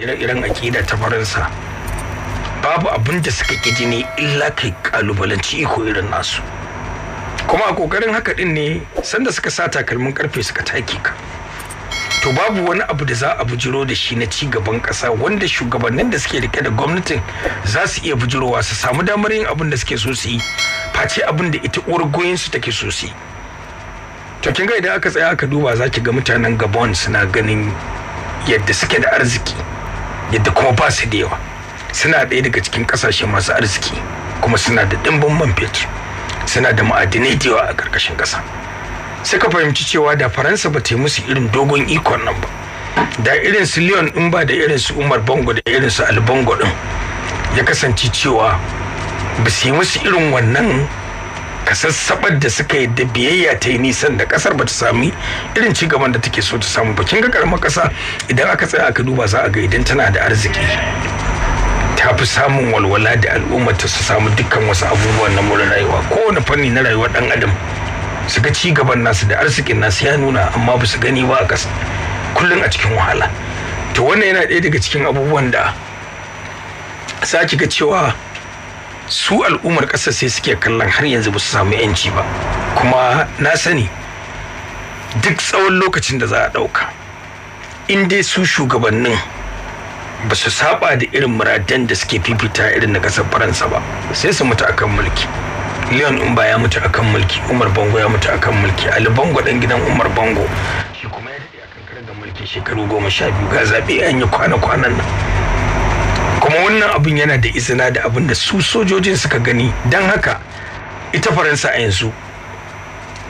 ire-iren akida ta faransa babu abin da suka ƙi jini illa kai ƙalubalanci iko irin nasu kuma a ƙoƙarin haka ɗin ne sanda suka sa takalmin karfe suka take ka to babu wani abu da za a bujiro da shi na ci gaban ƙasa wanda shugabannin da suke rike da gwamnatin za su iya bujirowa su samu damar yin abin da suke so su yi face abin da ita uwar goyinsu take so su yi to kin ga idan aka tsaya aka duba za ki ga mutanen gabon suna ganin yadda suke da arziki yadda kuma ba su da yawa suna ɗaya daga cikin ƙasashe masu arziki kuma suna da ɗimbin man fetur suna da ma'adinai da yawa a ƙarƙashin ƙasa suka fahimci cewa da faransa ba ta yi musu irin dogon ikon nan ba da irin su leon in ba da irin su umar bango da irin su albango ɗin ya kasance cewa ba su yi musu irin wannan kasassabar da suka yadda biyayya ta yi nisan da kasar ba ta sami irin ci gaban da take so ta samu ba kin ga karamar kasa idan aka tsaya aka duba za a ga idan tana da arziki ta fi samun walwala da al'ummar ta su samu dukkan wasu abubuwan na mura rayuwa kowane fanni na rayuwar dan adam su ga ci gaban nasu da arzikin nasu ya nuna amma ba su gani ba a kasa kullum a cikin wahala to wannan yana ɗaya daga cikin abubuwan da za ga cewa su al'ummar ƙasar sai suke kallon har yanzu ba su samu yanci ba kuma na sani duk tsawon lokacin da za a ɗauka in dai su shugabannin ba su saba da irin muradan da suke fifita irin na ƙasar faransa ba sai su mutu akan mulki leon umba ya mutu akan mulki umar bango ya mutu akan mulki ali bango dan gidan umar bango shi kuma ya daɗe akan karar da mulki shekaru goma sha biyu ga zaɓe an yi kwana-kwanan nan kuma wannan abin yana da izina da abin da su sojojin suka gani don haka ita faransa a yanzu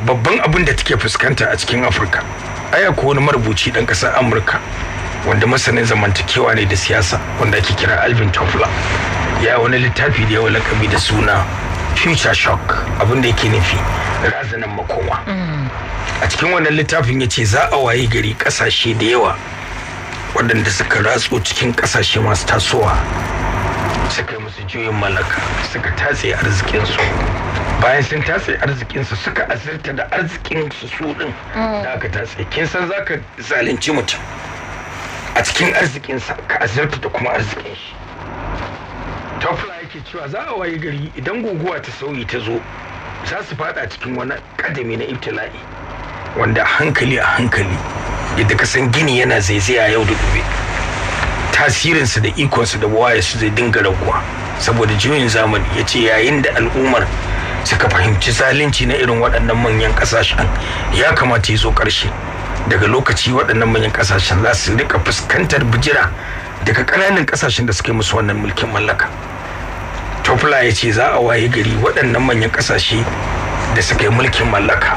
babban abin da take fuskanta a cikin afirka aya ko wani marubuci dan kasar amurka wanda masanin zamantakewa ne da siyasa wanda ake kira alvin toffler ya wani littafi da yawa lakabi da suna future shock abin da yake nufi razanan makowa mm. a cikin wannan littafin ya ce za a waye gari kasashe da yawa waɗanda suka ratsu cikin ƙasashe masu tasowa suka yi musu juyin mallaka suka tatse arzikinsu bayan sun tatse arzikinsu suka azirta da arzikinsu su ɗin mm. da aka tatse kin san za ka zalunci mutum a cikin arzikinsa ka azirta da kuma arzikin shi tafla yake cewa za a waye gari idan guguwa ta sauyi ta zo za su fada cikin wani ƙadami na ibtila'i wanda hankali a hankali yadda ka san gini yana zaizaya yau da gobe tasirinsa da ikonsa da su zai dinga raguwa saboda juyin zamani ya ce yayin da al'ummar suka fahimci zalunci na irin waɗannan manyan ƙasashen ya kamata ya zo ƙarshe daga lokaci waɗannan manyan kasashen za su rika fuskantar bijira daga ƙananan ƙasashen da suka yi musu wannan mulkin mallaka tofla ya ce za a waye gari waɗannan manyan ƙasashe da suka yi mulkin mallaka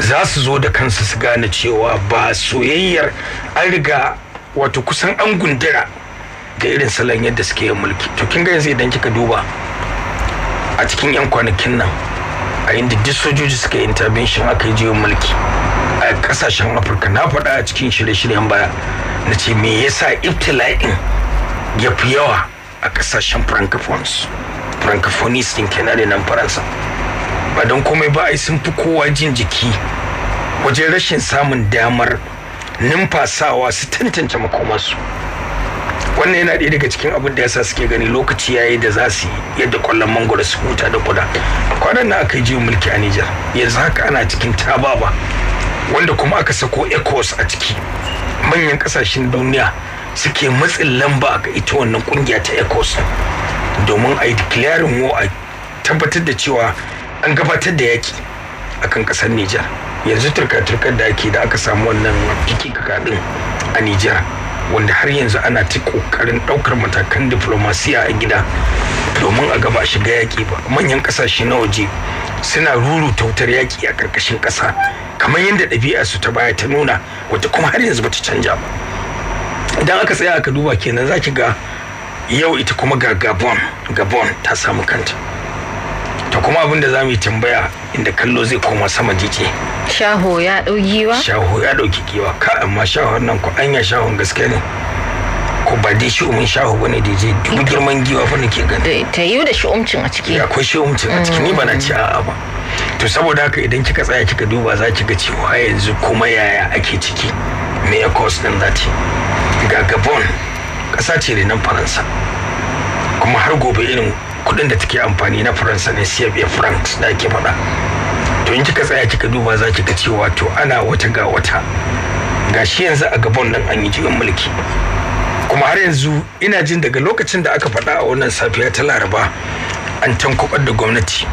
za su zo da kansu su gane cewa ba soyayyar an riga wato kusan an gundura ga irin salon yadda suke yin mulki to kin ga yanzu idan kika duba a cikin 'yan kwanakin nan a inda duk sojoji suka yi intervention aka yi mulki a kasashen afirka na faɗa a cikin shirye-shiryen baya na ce me yasa iftila'in ya fi yawa a kasashen francophones francophones din kenan nan faransa ba don komai ba ai sun fi kowa jin jiki wajen rashin samun damar numfasawa su tantance makomarsu wannan yana ɗaya daga cikin abin da ya sa suke gani lokaci ya yi da za su yadda kwallon mangoro su huta da kuda kwanan na aka yi mulki a Nijar yanzu haka ana cikin tababa wanda kuma aka sako ecos a ciki manyan ƙasashen duniya suke matsin lamba ga ita wannan ƙungiya ta ecos domin a yi declaring war a tabbatar da cewa an gabatar da yaki kan kasar Nijar yanzu turka-turkar da ake da aka samu wannan kikika din a Nijar wanda har yanzu ana ta kokarin daukar matakan diplomasiya a gida domin a gaba shiga yaki ba manyan ƙasashe na waje suna ruruta wutar yaki a karkashin ƙasa kamar yadda ɗabi'a su ta baya ta nuna wata kuma har yanzu bata canja ba idan aka tsaya aka duba kenan za ki ga yau ita kuma ga gabon gabon ta samu kanta kuma abin da za mu yi tambaya inda kallo zai koma sama jike shaho ya ɗauki wa. shaho ya ɗauki giwa ka amma shaho nan ku anya shahon gaske ne ko ba dai shi umin shaho bane da je duk girman giwa fa nake gani ta yi da shi umcin a ciki akwai shi umcin a ciki ni ba na mm. ci a'a ba to saboda haka idan kika tsaya kika duba za ki ga cewa yanzu kuma yaya ake ciki me ya cause din zati ga gabon ƙasa ce nan faransa kuma har gobe irin kudin da take amfani na faransa ne cfa francs da ake faɗa to in kika tsaya kika duba za kika cewa to ana wata ga wata ga shi yanzu a gaban nan an yi juyin mulki kuma har yanzu ina jin daga lokacin da aka faɗa a wannan safiya ta laraba an tankubar da gwamnati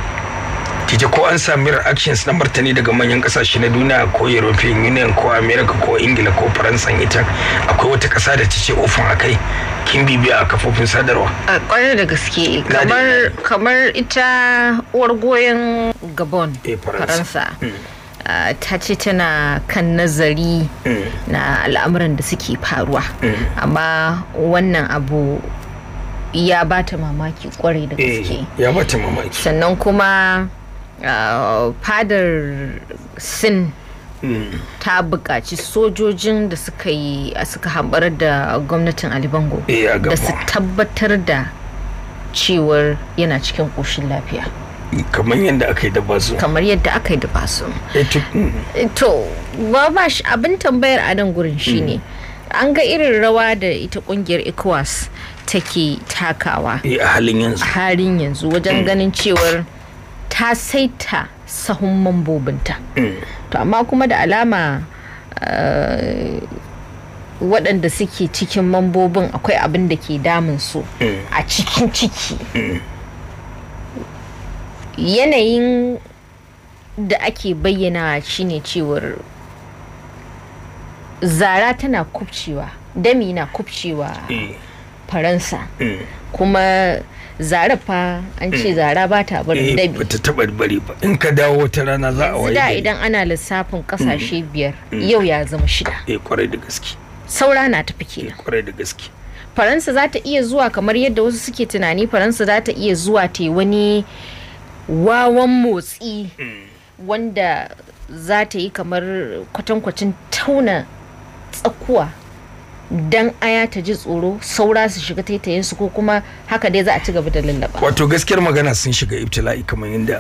kije ko an sami reactions na martani daga manyan kasashe na duniya ko european union ko america ko ingila ko faransa ita akwai wata kasa da ta ce ofin akai kin bibiya a kafofin sadarwa a kwarai da gaske kamar kamar ita uwar goyon gabon eh, faransa hmm. ta ce tana kan nazari hmm. na al'amuran da suke faruwa hmm. amma wannan abu ya bata mamaki kwarai da eh, gaske ya bata mamaki sannan kuma Uh, fadar sin hmm. ta buƙaci sojojin da suka yi suka hambar da gwamnatin ali eh, da su tabbatar da cewar yana cikin ƙoshin lafiya kamar yadda aka yi da basu kamar yadda aka yi da basu eh, to hmm. eh, babash abin tambayar a nan gurin shine hmm. an ga irin rawa da ita kungiyar ecowas take takawa a halin yanzu wajen ganin cewar ta saita sahun mambobinta mm. to amma kuma da alama eh, waɗanda suke cikin mambobin akwai abin da ke damun su mm. a cikin ciki mm. yanayin da ake bayyana shine cewar zara tana kubcewa dami na kubcewa faransa eh. kuma zara fa an ce eh. zara ba ta barin eh, dabi ba ta taba bari ba in ka dawo wata rana za a waye da idan ana lissafin kasashe mm. biyar mm. yau ya zama shida eh kwarai da gaske saura na tafi kenan kwarai da gaske faransa za ta iya zuwa kamar yadda wasu suke tunani faransa za ta iya zuwa ta wani wawan motsi mm. wanda za ta yi kamar kwatankwacin tauna tsakuwa dan aya ta ji tsoro saura su shiga taitayen su ko kuma haka dai za a ci gaba da lallaba wato gaskiyar magana sun shiga ibtila'i kamar yadda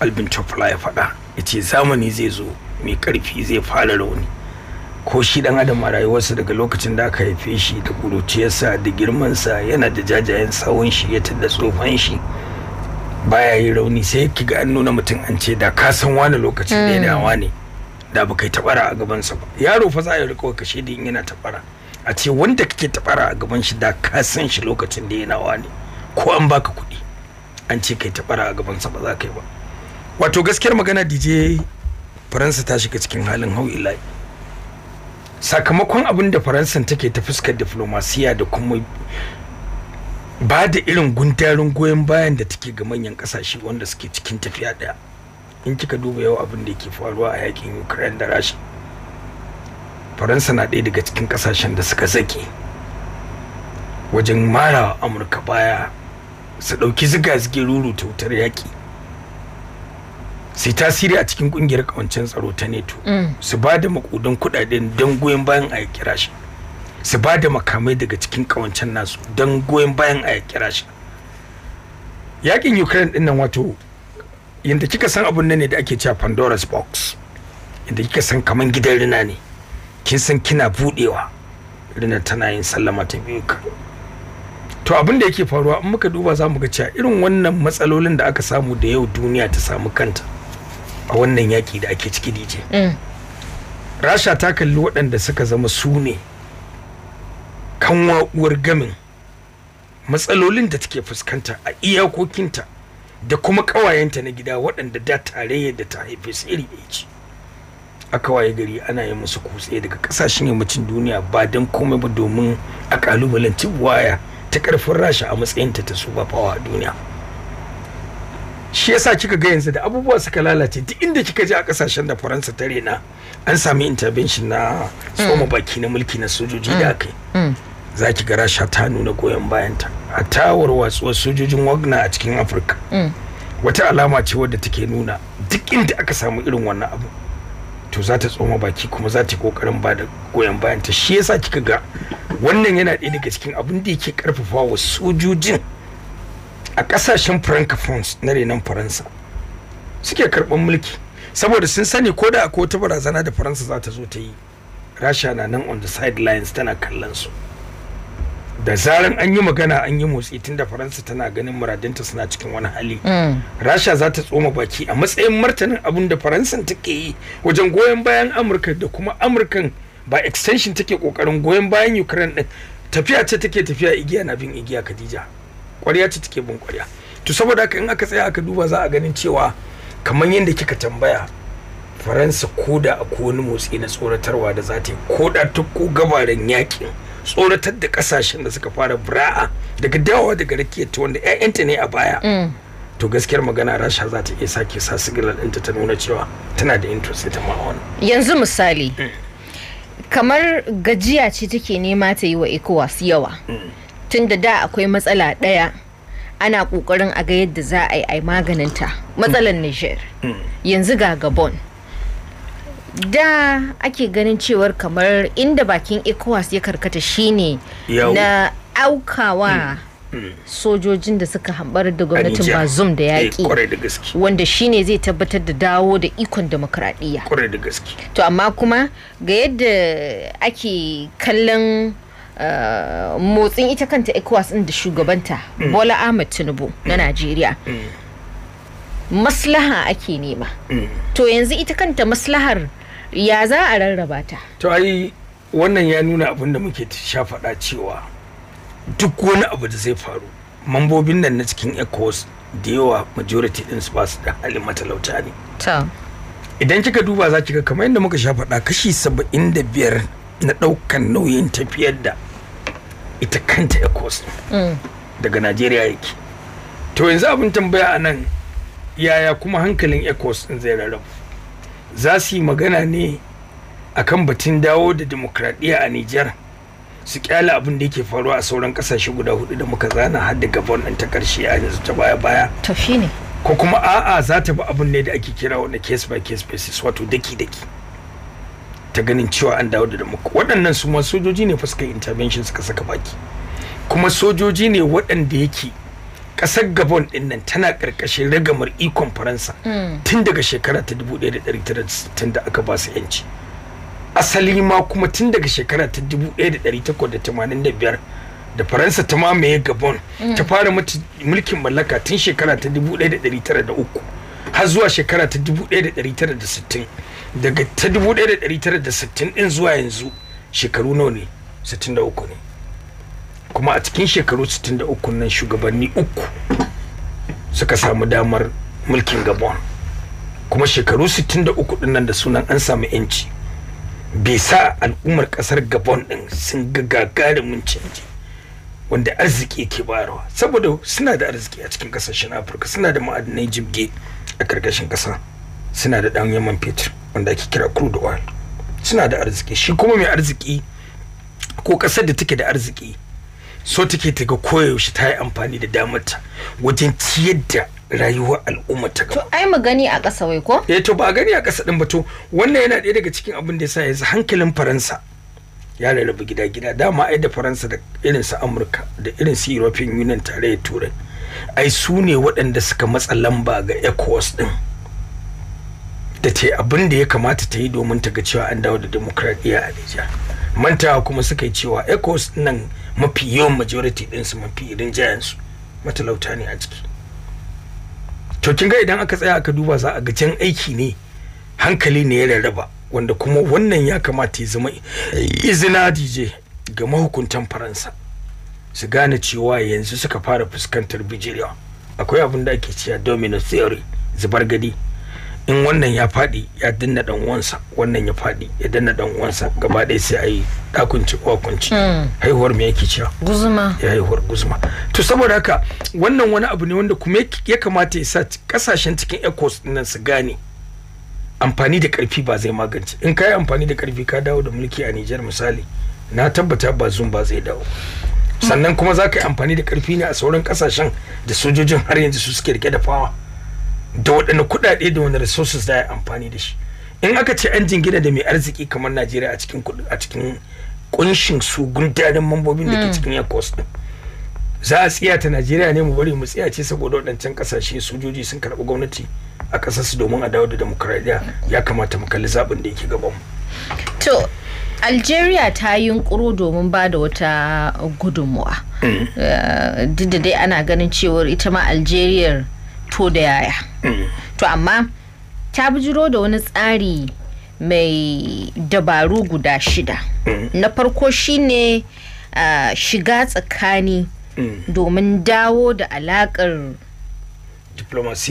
albin tofla ya faɗa ya ce zamani zai zo mai ƙarfi zai fara rauni ko shi dan adam a rayuwarsa daga lokacin da aka haife shi da kuruciyarsa da girmansa yana da jajayen tsawon shi ya tada tsofan shi baya yi rauni sai ki ga an nuna mutum an ce da ka san wani lokacin da ya hmm. dawa ne da baka yi tabara a gabansa ba yaro fa za a yi kashe da yana tabara a ce wanda kake tabara a gaban shi da ka san shi lokacin da yana wani ko an baka kuɗi an ce kai tabara a gaban sa ba za ka yi ba wato gaskiyar magana DJ Faransa ta shiga cikin halin hau sakamakon abin da faransa take ta fuskar diflomasiya da kuma ba da irin gundarin goyon bayan da take ga manyan kasashe wanda suke cikin tafiya daya in kika duba yau abin da yake faruwa a yakin ukraine da rasha faransa na ɗaya daga cikin ƙasashen da suka zaƙe wajen mara amurka baya su ɗauki ziga-zige ruru ta wutar yaƙi sai tasiri a cikin ƙungiyar kawancen tsaro ta neto mm. su ba da makudan kuɗaɗen don goyon bayan a yaƙi rashi su ba da makamai daga cikin ƙawancen nasu don goyon bayan a yaƙi rashi yaƙin ukraine ɗin nan wato yadda kika san abun nan ne da ake cewa pandora's box yadda kika san kamar gidan rina ne kin san kina budewa rina tana yin sallama ta biyu to abin da yake faruwa in muka duba za mu ga cewa irin wannan matsalolin da aka samu da yau duniya ta samu kanta a wannan yaki da ake ciki dije mm. rasha ta kalli waɗanda suka zama su ne kan uwar gamin matsalolin da take fuskanta a iyakokinta da kuma ƙawayenta na gida waɗanda da tarayya da ta haife su iri ɗaya ce a waye gari ana yi musu kutse daga kasashen yammacin duniya ba don komai ba domin a kalubalanci waya ta karfin rasha a matsayin ta su ba fawa a duniya shi yasa kika ga yanzu da abubuwa suka lalace duk inda kika je a kasashen da faransa ta rena an sami intervention na tsoma baki na mulki na sojoji da aka yi mm, mm. za ki ga rasha ta nuna goyon bayanta a tawar watsuwar sojojin wagner a cikin afirka mm. wata alama ce wadda take nuna duk inda aka samu irin wannan abu to za ta tsoma baki kuma za ta yi kokarin ba da goyon bayan ta shi yasa kika ga wannan yana ɗaya daga cikin abin da yake karfafa wa sojojin a ƙasashen francophones na renon faransa suke karɓar mulki saboda sun sani ko da akwai wata barazana da faransa za ta zo ta yi rasha na nan on the sidelines tana kallon su da zaran an yi magana an yi motsi tun da faransa tana ganin muradinta suna cikin wani hali mm. rasha za ta tsoma baki a matsayin martanin abin da faransan take yi wajen goyon bayan amurka da kuma amurkan ba extension take kokarin goyon bayan ukraine din tafiya ce take tafiya igiya na bin igiya kadija kwarya ce take bin kwarya to saboda haka in aka tsaya aka duba za a ganin cewa kamar yadda kika tambaya faransa koda akwai wani motsi na tsoratarwa da za ta yi koda ta ko gabaran yakin tsoratar da kasashen da suka fara bura'a daga dawowa daga rakiyar ta wanda 'ya'yanta ne a baya mm. to gaskiyar magana rasha za ta iya sake sa sigilar ɗinta ta nuna cewa tana da interest ta ma wani yanzu misali mm. kamar gajiya ce take nema ta yi wa ecowas yawa mm. tun da da akwai matsala ɗaya ana ƙoƙarin a ga yadda za a yi ta matsalar niger yanzu ga gabon da ake ganin cewar kamar inda bakin ecowas ya karkata shine na aukawa hmm. sojojin da suka hambar da gwamnatin bazum da eh, yaƙi wanda shine zai tabbatar da dawo da ikon demokradiyya to amma kuma ga yadda ake kallon eh, motsin ita kanta ecowas inda shugabanta hmm. bola ahmed tinubu na hmm. najeriya maslaha ake nema to yanzu ita kanta maslahar ya za a rarraba ta to ai wannan ya nuna abin da muke sha faɗa cewa duk wani abu da zai faru mambobin nan na cikin ecos da yawa majority din su basu su da halin matalauta ne idan kika duba za kika kamar yadda muka sha faɗa kashi saba'in da biyar na ɗaukan nauyin tafiyar da ita kanta ecos mm. daga najeriya yake to yanzu abin tambaya a nan yaya kuma hankalin ecos zai rarraba. za su yi magana ne a kan batun dawo da demokradiyya a Nijar su kyala abin da yake faruwa a sauran kasashe guda hudu da muka zana har da gabon ɗin ta karshe a yanzu ta baya baya tafi ne. ko kuma a'a za ta bi abin ne da ake kira wani case by case basis wato daki daki ta ganin cewa an dawo da muku waɗannan su ma sojoji ne fuskar intervention suka saka baki kuma sojoji ne waɗanda yake kasar gabon din nan tana karkashin ragamar ikon faransa hmm. tun daga shekara ta 1960 da aka ba su yanci asali ma kuma tun daga shekara ta 1885 da faransa ta mamaye gabon hmm. ta fara mulkin mallaka tun shekara ta 1903 har zuwa shekara ta 1960 daga ta 1960 din zuwa yanzu shekaru nawa ne 63 ne kuma a cikin shekaru 63 nan shugabanni uku suka samu damar mulkin gabon kuma shekaru 63 din nan da sunan an samu yanci bai sa al'ummar kasar gabon din sun ga gagarumin canji wanda arziki ke bayarwa saboda suna da arziki a cikin kasashen afirka suna da ma'adinai jibge a karkashin kasa suna da ɗan yaman fetur wanda ake kira crude oil suna da arziki shi kuma mai arziki ko kasar da take da arziki so take ta ga koyaushe ta yi amfani da damarta wajen ciyar da rayuwar al'umma ta gaba. To ai mu gani a ƙasa wai ko? Eh to ba gani a ƙasa din ba to wannan yana ɗaya daga cikin abin da ya yasa yanzu hankalin Faransa ya rarrabu gida gida dama ai da Faransa da irin su Amurka da irin su European Union tare da Turai ai su ne waɗanda suka matsa lamba ga ECOWAS din. Da ta abin da ya kamata ta yi domin ta ga cewa an dawo da demokradiyya a Nijar. Mantawa kuma suka yi cewa ECOWAS nan mafi yawan majority su mafi jayansu matalauta ne a ciki to kin ga idan aka tsaya aka duba za a ga jan aiki ne hankali ne ya rarraba wanda kuma wannan ya kamata ya zama izina dj ga mahukuntan faransa su gane cewa yanzu suka fara fuskantar bijiriya akwai abin da ake cewa domino theory zubar gadi in wannan ya faɗi ya danna dan uwansa wannan ya faɗi ya danna dan uwansa gaba ɗaya sai a yi ɗakunci kwakunci hmm. haihuwar me yake cewa guzuma ya haihuwar guzuma to saboda haka wannan wani abu ne wanda kuma ya kamata ya sa kasashen cikin ecos nan su gane amfani da karfi ba zai magance in ka yi amfani da karfi ka dawo da mulki a Nijar misali na tabbata ba zum ba zai dawo sannan kuma za ka yi amfani da karfi ne a sauran kasashen da sojojin har yanzu su suke rike da fawa da waɗanne kuɗaɗe da wani resources za ya amfani da shi in aka ce an jingina da mai arziki kamar najeriya a cikin a cikin kunshin su gundarin mambobin da ke hmm. cikin ecos din za a tsiya ta najeriya ne mu bari mu tsiya ce saboda waɗancan ƙasashe sojoji sun karɓi gwamnati a ƙasarsu domin a dawo da demokuraɗiyya ya kamata mu kalli zaɓin da yake gabanmu. to algeria ta yi yunkuro domin ba da wata gudunmuwa hmm. eh, duk da dai ana ganin cewar ita ma algeria to da yaya to amma ta bijiro da wani tsari mai dabaru guda shida na farko shine ne. shiga tsakani domin dawo da alakar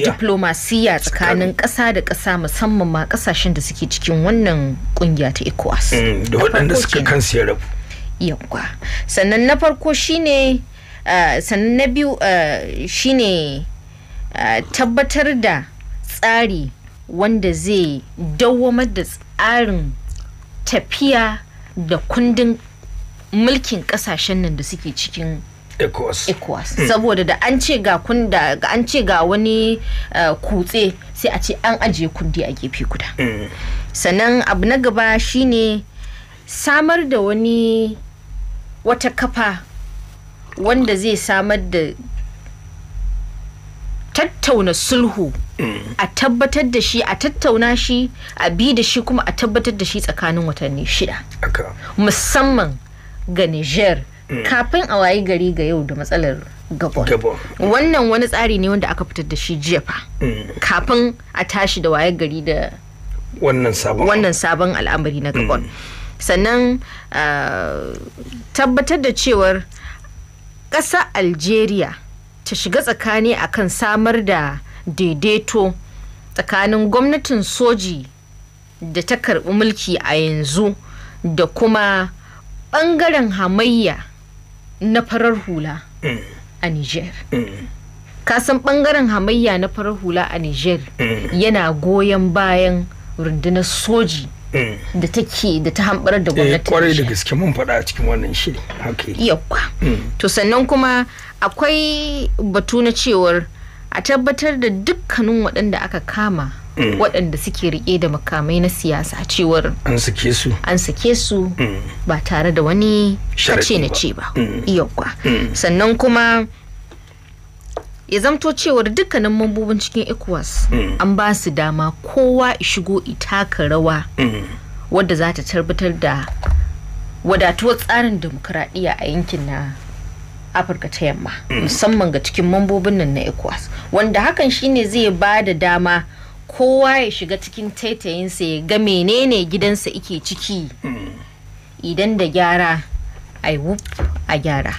diplomasiya tsakanin ƙasa da ƙasa musamman ma ƙasashen da suke cikin wannan kungiya ta ecowas mm, da waɗanda suka kan rabu yankwa sannan na farko shine sannan na biyu shine tabbatar da tsari wanda zai dawwamar da tsarin tafiya da kundin mulkin kasashen nan da suke cikin ecowas hmm. saboda da an ce ga kunda ga an ce ga wani kutse sai a ce an ajiye kundi a gefe guda hmm. sannan abu na gaba shine samar da wani wata kafa wanda zai samar da tattauna sulhu a tabbatar da shi a tattauna shi a bi da shi kuma a tabbatar da shi tsakanin watanni shida musamman ga niger kafin a wayi gari ga yau da matsalar gabon wannan wani tsari ne wanda aka fitar da shi jiya fa mm. kafin a tashi da waye gari da wannan sabon al'amari na gabon mm. sannan ah, tabbatar da cewar ƙasa algeria ta shiga tsakani akan samar da daidaito tsakanin gwamnatin soji da ta karbi mulki a yanzu da kuma ɓangaren hamayya na farar hula a niger kasan ɓangaren hamayya na farar hula a niger yana goyon bayan rundunar soji da take da ta hambar da eh, gwamnati kwarai da gaske mun faɗa cikin wannan shiri haka mm. to sannan kuma akwai batu na cewar a tabbatar da dukkanin waɗanda aka kama mm. waɗanda suke rike da makamai na siyasa cewar an sake su an sake su mm. ba tare da wani kace na ce ba iyakwa mm. sannan kuma ya zamto cewar dukkanin mambobin cikin ecowas an ba su dama kowa shigo itaka rawa wadda za ta tabbatar da wadatuwar tsarin demokuraɗiyya a yankin na afirka ta yamma musamman ga cikin mambobin nan na ecowas wanda hakan shine zai ba da dama kowa ya shiga cikin taitayinsa ya ga menene gidansa ike ciki idan da gyara ai wuf a gyara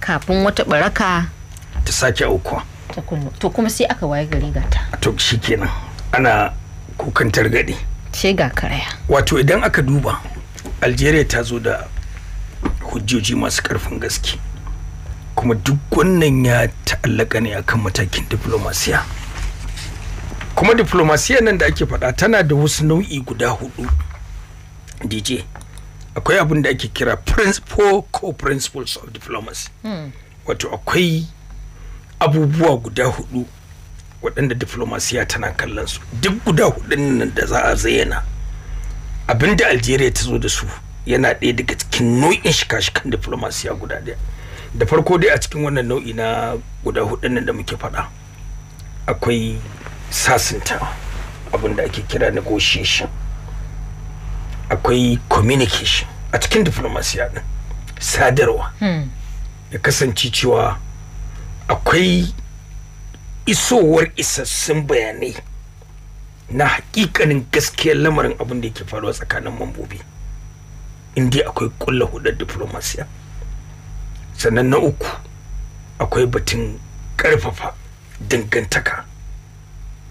kafin wata baraka ta sake aukuwa to kuma sai aka waye gari gata to shikenan ana kukan targaɗe ce ga karaya wato idan aka duba algeria ta zo da hujjoji masu karfin gaske kuma duk wannan ya ta'allaka ne akan matakin diplomasiya kuma diplomasiya nan da ake faɗa tana da wasu nau'i guda hudu dj akwai abin da ake kira principle ko principles of diplomacy hmm. wato akwai abubuwa guda hudu waɗanda diplomasiya tana kallon su duk guda hudun nan da za a zayyana abin da algeria ta zo da su yana ɗaya daga cikin nau'in shika-shikan diplomasiya guda daya. da farko dai a cikin wannan nau'i na guda hudun nan da muke faɗa akwai sasinta abin da ake kira negotiation akwai communication a cikin diplomasiya din sadarwa hmm. ya kasance cewa akwai isowar isassun bayanai na hakikanin gaskiyar lamarin abin da yake faruwa tsakanin mambobi in dai akwai kulla hudar diplomasiya sannan na uku akwai batun ƙarfafa dangantaka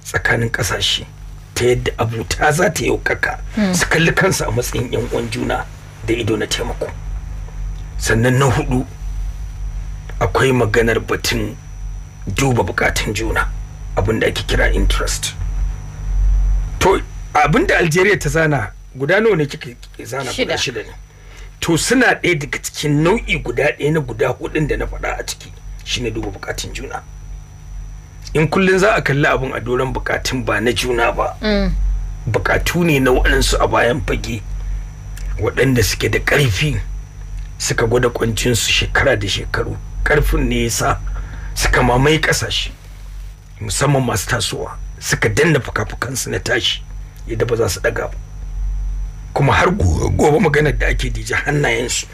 tsakanin ƙasashe ta yadda abuta za ta kaka hmm. su kalli kansu a matsayin 'yan uwan juna da ido na taimako sannan na hudu akwai maganar batun duba bukatun juna abin da ake kira interest to abin da algeria ta zana guda nawa ne kika zana shida ne to suna ɗaya daga cikin nau'i guda ɗaya na guda hudun da na faɗa a ciki shine duba bukatun juna in kullum za a kalli abin a doron bukatun ba na juna ba mm. bukatu ne na waɗansu a bayan fage waɗanda suke da ƙarfi suka gwada kwancinsu shekara da shekaru ƙarfin ne yasa suka mamaye ƙasashe musamman masu tasowa suka danna fuka-fukansu na tashi yadda ba za su ɗaga ba kuma har gobe maganar da ake dija su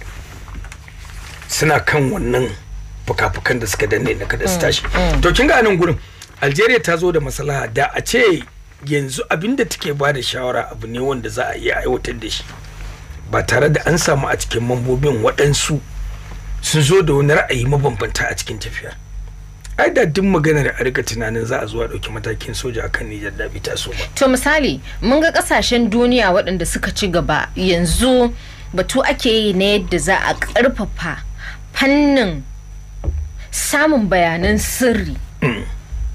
suna kan wannan fuka-fukan da suka danne na kada su mm, tashi mm. to kin ga nan gurin algeria ta zo da maslaha da a ce yanzu abin da take ba da shawara abu ne wanda za a iya aiwatar da shi ba tare da an samu a cikin mambobin waɗansu sun zo da wani ra'ayi mabambanta a cikin tafiyar ai da duk maganar a rika tunanin za a zuwa ɗauki matakin soja akan Nijar da bi taso ba. To misali mun ga ƙasashen duniya waɗanda suka ci gaba yanzu batu ake yi na yadda za a ƙarfafa fannin samun bayanan sirri mm.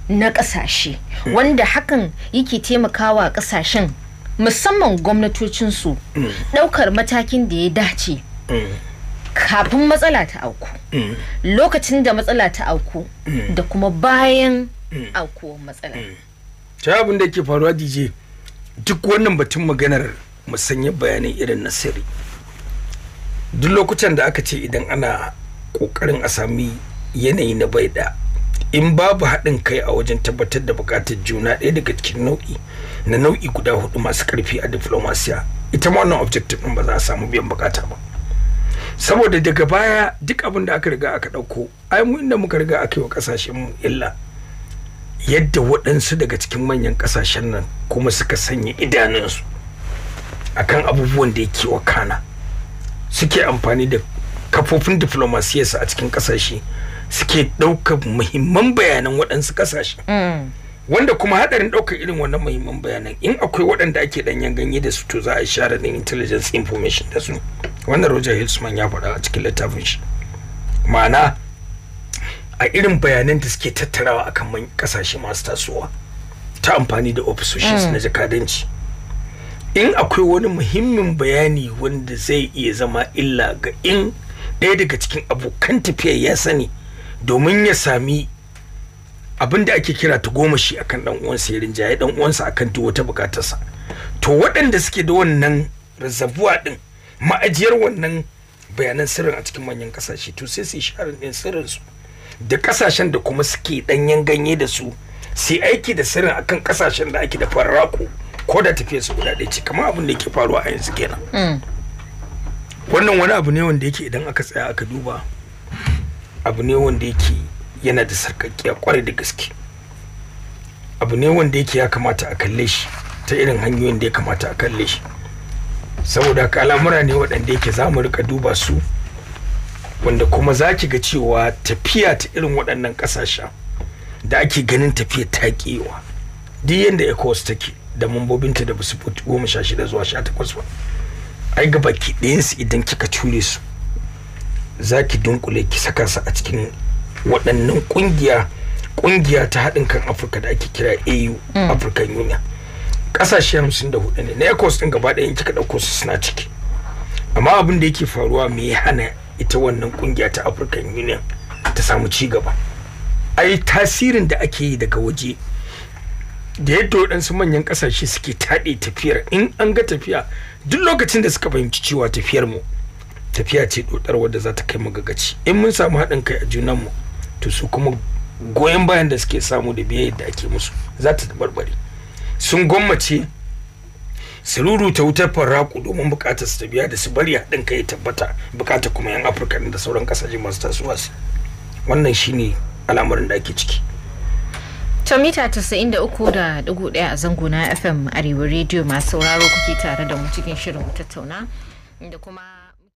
na ƙasashe wanda hakan yake taimakawa ƙasashen musamman gwamnatocinsu mm. ɗaukar matakin da ya dace mm. kafin matsala ta auku mm. lokacin da matsala ta auku mm. da kuma bayan mm. aukuwar matsala ta abin da ke faruwa dj duk wannan batun maganar musanya bayanin irin nasiri duk lokutan da aka ce idan ana kokarin a sami yanayi na baida in babu haɗin kai a wajen tabbatar da buƙatar juna ɗaya daga cikin nau'i na nau'i guda hudu masu ƙarfi a diflomasiya ita ma wannan objective ɗin ba za a samu biyan buƙata ba saboda daga baya duk abin da aka riga aka ɗauko ai da muka riga aka yi wa ƙasashen mu illa yadda waɗansu daga cikin manyan ƙasashen nan kuma suka sanya idanunsu akan abubuwan da yake wa kana suke amfani da kafofin diflomasiyarsu a cikin ƙasashe suke ɗaukar muhimman bayanan waɗansu ƙasashe mm. wanda kuma hadarin daukar irin wannan muhimman bayanan in akwai waɗanda ake danyen ganye da su to za a share din intelligence information da su wannan roger hilsman ya faɗa a cikin littafin shi ma'ana a irin bayanan da suke tattarawa akan kasashe masu tasowa ta amfani da officers na hmm. jakadanci in akwai wani muhimmin bayani wanda zai iya zama illa ga in ɗaya daga cikin abokan tafiyar ya sani domin ya sami abin da ake kira ta goma shi akan dan uwansa ya rinjaye dan uwansa akan duk wata bukatarsa to waɗanda suke da wannan reservoir din ma'ajiyar wannan bayanan sirrin a cikin manyan kasashe to sai su share din sirrin su da ƙasashen da kuma suke ɗanyen ganye da su sai aiki da sirrin akan kasashen da ake da farrako ko da tafiya su guda ɗaya ce kamar abin da yake faruwa a yanzu kenan mm. wannan wani abu ne wanda yake idan aka tsaya aka duba abu ne wanda yake yana da sarkakkiya kwarai da gaske abu ne wanda yake ya kamata a kalle shi ta irin hanyoyin da ya kamata a kalle shi saboda haka al'amura ne waɗanda yake za mu rika duba su wanda kuma za ki ga cewa tafiya ta irin waɗannan ƙasashen da ake ganin tafiya ta ƙewa duk yadda ecowas take da mambobinta da basu fito goma sha shida zuwa sha takwas ba ai ga baki ɗayansu idan kika ture su za ki dunkule ki saka su a cikin waɗannan ƙungiya ƙungiya ta haɗin kan afirka da ake kira au mm. african union ƙasashe hamsin da hudu ne na ecos ɗin gaba ɗaya in kika ɗauko su suna ciki amma abin da yake faruwa me hana ita wannan ƙungiya ta african union ta samu ci gaba ai tasirin da ake yi daga waje da yadda waɗansu manyan ƙasashe suke taɗe tafiyar in an ga tafiya duk lokacin da suka fahimci cewa tafiyar mu tafiya ce dodar wadda za ta kai mu gagaci in mun samu haɗin kai a junanmu to su kuma goyon bayan da suke samu da biyayyar da ake musu za ta barbare sun gwammace su rurrute wutar farraku domin bukatar su ta biya da su bari haɗin kai tabbata bukatar kuma yan afirka da sauran kasashe masu tasowa wannan shine al'amarin da ake ciki To mita daya a zango na FM Arewa rediyo masu sauraro kuke tare da mu cikin shirin tattauna da kuma